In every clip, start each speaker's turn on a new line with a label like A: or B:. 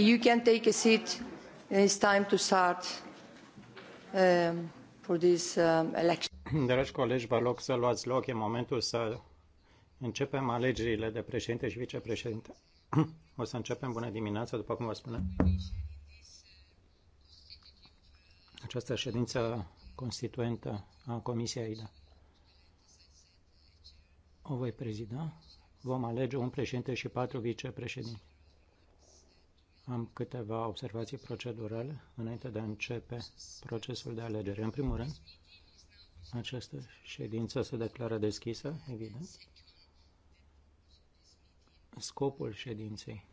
A: You can take a seat. It's time to start um, for this um, election. Dragi colegi, vă rog să luați loc. E momentul să începem alegerile de președinte și vicepreședinte. O să începem bună dimineața, după cum vă spunem. Această ședință constituentă a Comisiei AIDA. O voi prezida. Vom alege un președinte și patru vicepreședinți. Am câteva observații procedurale înainte de a începe procesul de alegere. În primul rând, această ședință se declară deschisă, evident. Scopul ședinței,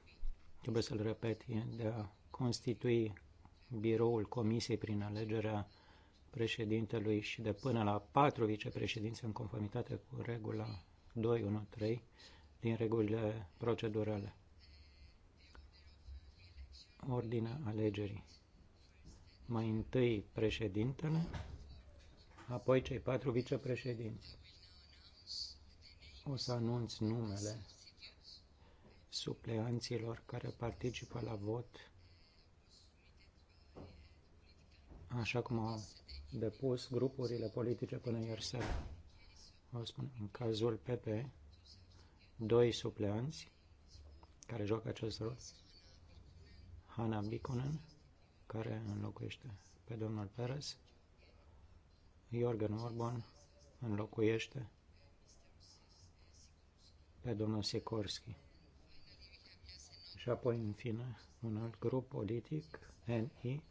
A: trebuie să-l repet, e de a constitui biroul comisiei prin alegerea președintelui și de până la patru vicepreședinți în conformitate cu regula 213 din regulile procedurale ordinea alegerii. Mai întâi președintele, apoi cei patru vicepreședinți. O să anunț numele supleanților care participă la vot, așa cum au depus grupurile politice până ieri seara. O spun, în cazul PP, doi supleanți care joacă acest rol, Hanna Bikonen, care înlocuiește pe domnul Perez, Jorgen Orban înlocuiește pe domnul Sikorski. Și apoi, în fine, un alt grup politic, NI,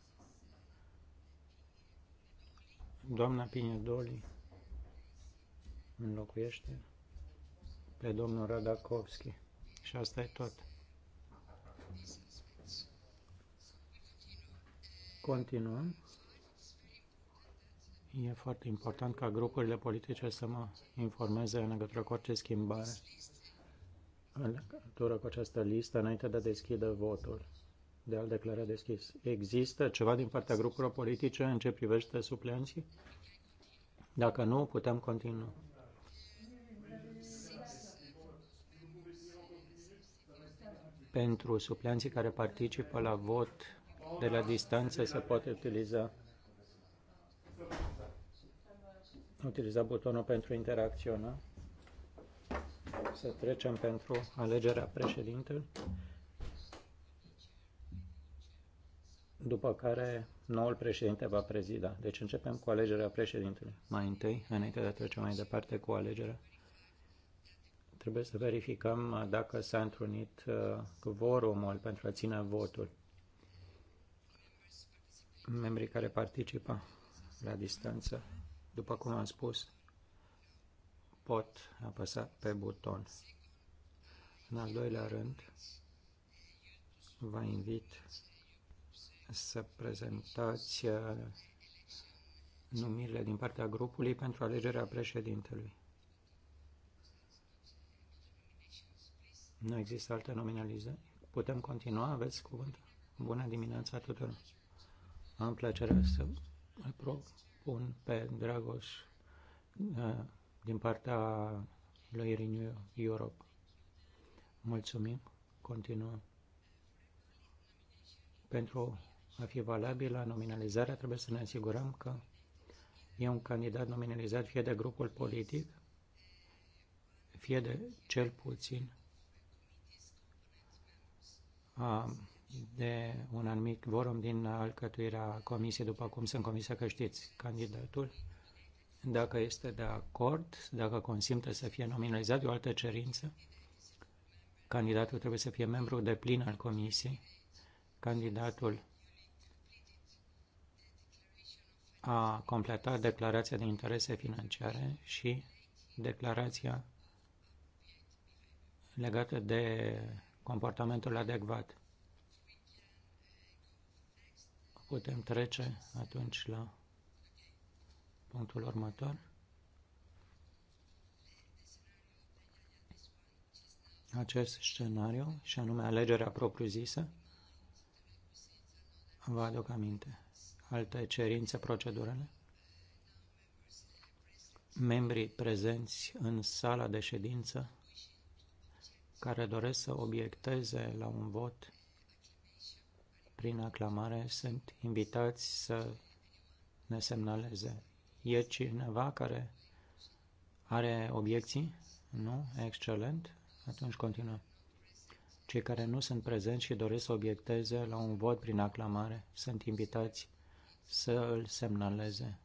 A: doamna Pinedoli înlocuiește pe domnul Radakovski. Și asta e tot. Continuăm. E foarte important ca grupurile politice să mă informeze în legătură cu orice schimbare în legătură cu această listă înainte de a deschide votul. De al declara deschis. Există ceva din partea grupurilor politice în ce privește suplenții? Dacă nu, putem continua. Pentru suplenții care participă la vot de la distanță se poate utiliza utiliza butonul pentru interacționa. Să trecem pentru alegerea președintelui. După care noul președinte va prezida. Deci începem cu alegerea președintelui. Mai întâi, înainte de a trece mai departe cu alegerea, trebuie să verificăm dacă s-a întrunit uh, quorumul pentru a ține votul membrii care participă la distanță, după cum am spus, pot apăsa pe buton. În al doilea rând, vă invit să prezentați uh, numirile din partea grupului pentru alegerea președintelui. Nu există alte nominalizări? Putem continua? Aveți cuvântul? Bună dimineața tuturor! Am plăcerea să îl propun pe Dragoș uh, din partea lui Renew Europe. Mulțumim, continuăm. Pentru a fi valabilă nominalizarea, trebuie să ne asigurăm că e un candidat nominalizat fie de grupul politic, fie de cel puțin a uh, de un anumit vorum din alcătuirea comisiei, după cum sunt convinsă că știți candidatul, dacă este de acord, dacă consimte să fie nominalizat, o altă cerință, candidatul trebuie să fie membru de plin al comisiei, candidatul a completat declarația de interese financiare și declarația legată de comportamentul adecvat. Putem trece atunci la punctul următor. Acest scenariu, și anume alegerea propriu-zisă, vă aduc aminte. Alte cerințe procedurale? Membrii prezenți în sala de ședință care doresc să obiecteze la un vot prin aclamare, sunt invitați să ne semnaleze. E cineva care are obiecții? Nu? Excelent. Atunci continuăm. Cei care nu sunt prezenți și doresc să obiecteze la un vot prin aclamare sunt invitați să îl semnaleze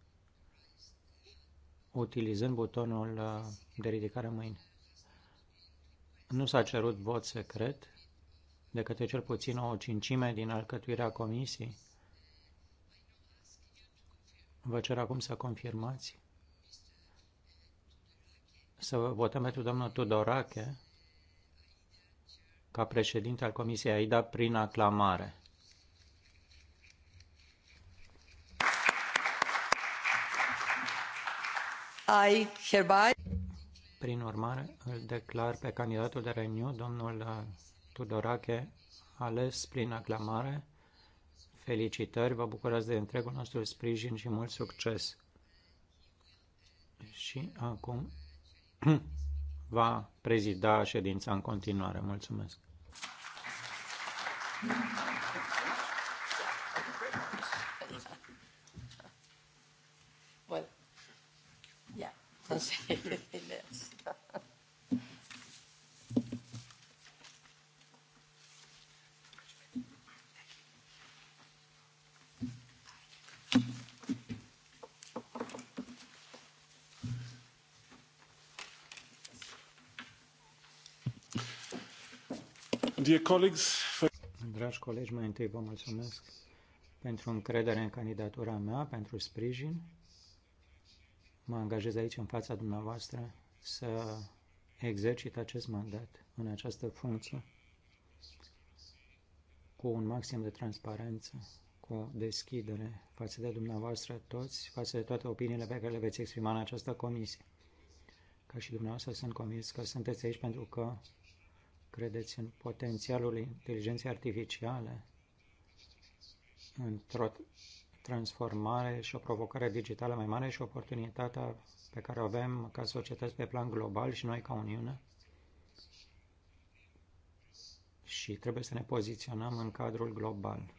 A: utilizând butonul uh, de ridicare mâini. Nu s-a cerut vot secret, de către cel puțin o cincime din alcătuirea comisiei. Vă cer acum să confirmați. Să votăm pentru domnul Tudorache ca președinte al Comisiei AIDA prin aclamare. I hereby... Prin urmare, îl declar pe candidatul de Renew, domnul Tudorache, ales prin aclamare. Felicitări, vă bucurați de întregul nostru sprijin și mult succes. Și acum va prezida ședința în continuare. Mulțumesc! Well, yeah, Dragi colegi, mai întâi vă mulțumesc pentru încredere în candidatura mea, pentru sprijin. Mă angajez aici în fața dumneavoastră să exercit acest mandat în această funcție cu un maxim de transparență, cu deschidere față de dumneavoastră toți, față de toate opiniile pe care le veți exprima în această comisie. Ca și dumneavoastră sunt convins că sunteți aici pentru că Credeți în potențialul inteligenței artificiale, într-o transformare și o provocare digitală mai mare și oportunitatea pe care o avem ca societăți pe plan global și noi ca Uniune? Și trebuie să ne poziționăm în cadrul global.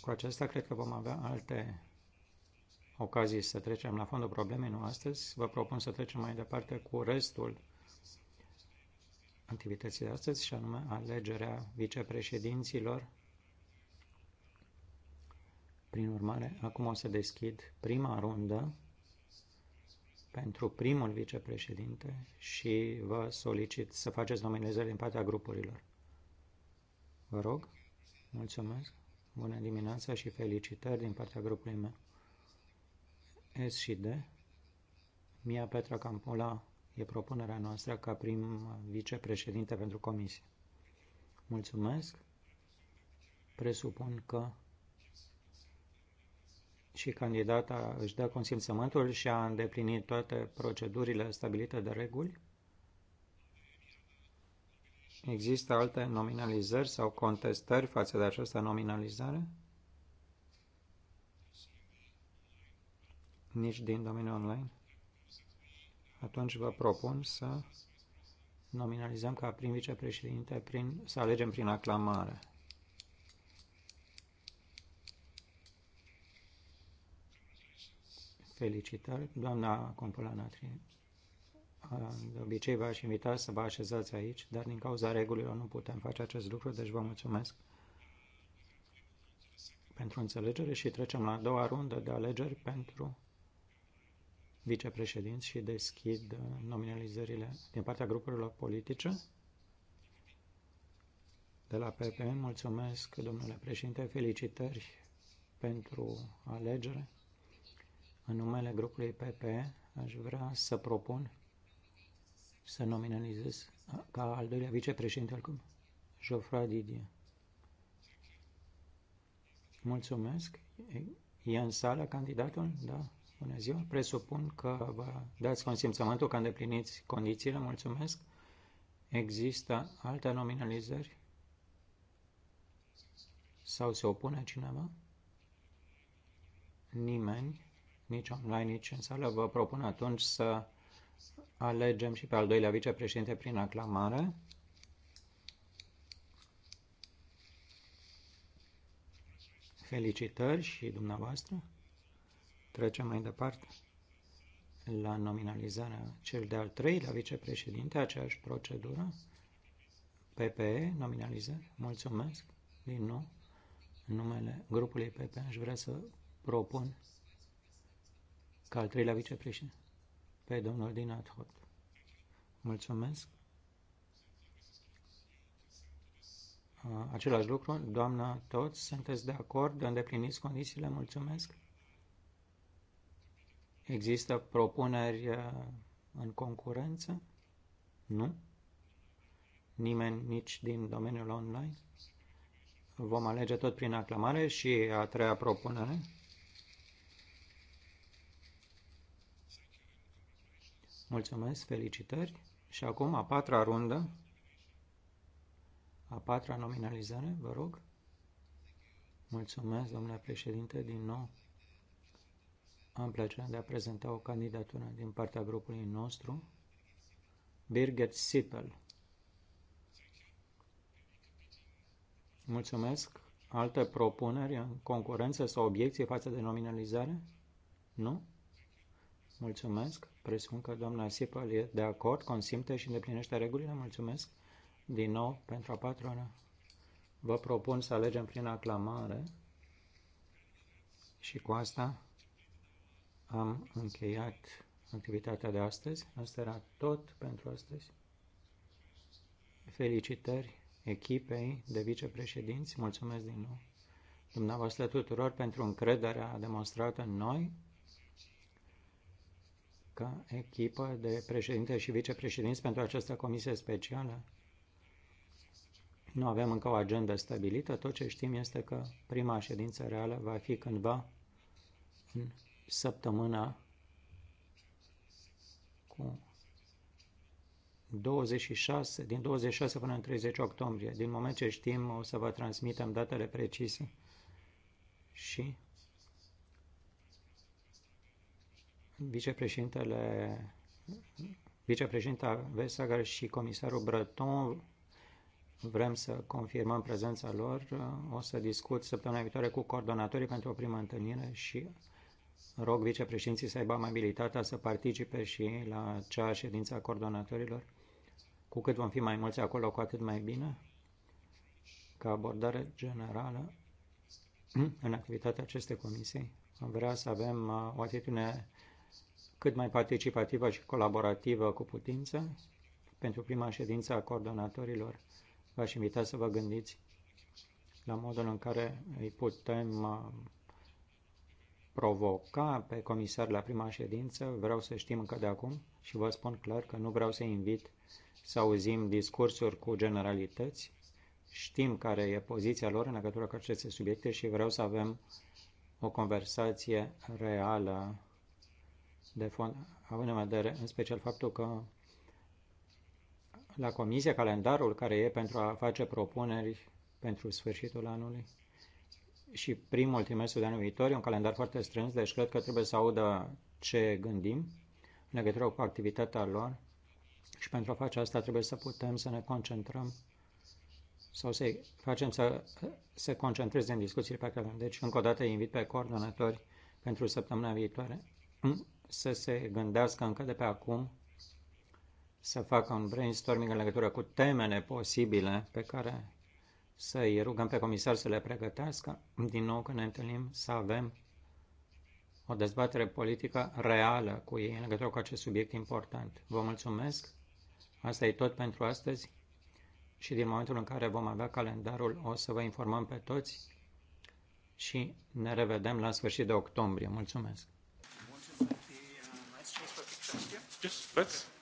A: Cu acesta cred că vom avea alte ocazii să trecem la fondul problemei, nu astăzi. Vă propun să trecem mai departe cu restul activității de astăzi, și anume alegerea vicepreședinților. Prin urmare, acum o să deschid prima rundă pentru primul vicepreședinte și vă solicit să faceți nominalizări din partea grupurilor. Vă rog, mulțumesc, bună dimineața și felicitări din partea grupului meu. S și D, Mia Petra Campula, E propunerea noastră ca prim vicepreședinte pentru comisie. Mulțumesc. Presupun că și candidata își dă consimțământul și a îndeplinit toate procedurile stabilite de reguli? Există alte nominalizări sau contestări față de această nominalizare? Nici din domeniul online? atunci vă propun să nominalizăm ca prim vicepreședinte prin, să alegem prin aclamare. Felicitări, doamna Compolanatri. De obicei v-aș invita să vă așezați aici, dar din cauza regulilor nu putem face acest lucru, deci vă mulțumesc pentru înțelegere și trecem la a doua rundă de alegeri pentru vicepreședinți și deschid nominalizările din partea grupurilor politice. De la PPM mulțumesc, domnule președinte, felicitări pentru alegere. În numele grupului PP aș vrea să propun să nominalizez ca al doilea vicepreședinte al clubului, Geoffroy Didier. Mulțumesc. E în sală candidatul? Da. Bună ziua, presupun că vă dați consimțământul că îndepliniți condițiile, mulțumesc. Există alte nominalizări? Sau se opune cineva? Nimeni, nici online, nici în sală. Vă propun atunci să alegem și pe al doilea vicepreședinte prin aclamare. Felicitări și dumneavoastră. Trecem mai departe la nominalizarea cel de-al treilea vicepreședinte, aceeași procedură. PPE, nominalizare, mulțumesc, din nou, în numele grupului PP, aș vrea să propun ca al treilea vicepreședinte pe domnul Din Adhot. Mulțumesc. Același lucru, doamna, toți sunteți de acord, îndepliniți condițiile, mulțumesc. Există propuneri uh, în concurență? Nu? Nimeni nici din domeniul online? Vom alege tot prin aclamare și a treia propunere. Mulțumesc, felicitări. Și acum a patra rundă, a patra nominalizare, vă rog. Mulțumesc, domnule președinte, din nou am plăcerea de a prezenta o candidatură din partea grupului nostru, Birgit Sipel. Mulțumesc. Alte propuneri în concurență sau obiecții față de nominalizare? Nu? Mulțumesc. Presupun că doamna Sipel e de acord, consimte și îndeplinește regulile. Mulțumesc din nou pentru a patra Vă propun să alegem prin aclamare și cu asta am încheiat activitatea de astăzi. Asta era tot pentru astăzi. Felicitări echipei de vicepreședinți. Mulțumesc din nou dumneavoastră tuturor pentru încrederea demonstrată în noi ca echipă de președinte și vicepreședinți pentru această comisie specială. Nu avem încă o agendă stabilită, tot ce știm este că prima ședință reală va fi cândva în săptămâna cu 26, din 26 până în 30 octombrie. Din moment ce știm, o să vă transmitem datele precise și vicepreședintele vicepreședinta Vesagar și comisarul Breton vrem să confirmăm prezența lor. O să discut săptămâna viitoare cu coordonatorii pentru o primă întâlnire și rog vicepreședinții să aibă amabilitatea să participe și la cea ședință a coordonatorilor. Cu cât vom fi mai mulți acolo, cu atât mai bine. Ca abordare generală, în activitatea acestei comisii, am vrea să avem uh, o atitudine cât mai participativă și colaborativă cu putință. Pentru prima ședință a coordonatorilor, v-aș invita să vă gândiți la modul în care îi putem uh, provoca pe comisar la prima ședință, vreau să știm încă de acum și vă spun clar că nu vreau să invit să auzim discursuri cu generalități. Știm care e poziția lor în legătură cu aceste subiecte și vreau să avem o conversație reală de fond, având în vedere în special faptul că la comisie calendarul care e pentru a face propuneri pentru sfârșitul anului și primul trimestru de anul viitor. E un calendar foarte strâns, deci cred că trebuie să audă ce gândim în legătură cu activitatea lor și pentru a face asta trebuie să putem să ne concentrăm sau să facem să se concentreze în discuțiile pe care avem. Deci, încă o dată, invit pe coordonatori pentru săptămâna viitoare mm, să se gândească încă de pe acum să facă un brainstorming în legătură cu temele posibile pe care să-i rugăm pe comisar să le pregătească, din nou când ne întâlnim, să avem o dezbatere politică reală cu ei în legătură cu acest subiect important. Vă mulțumesc. Asta e tot pentru astăzi și din momentul în care vom avea calendarul o să vă informăm pe toți și ne revedem la sfârșit de octombrie. Mulțumesc! Uh, just let's.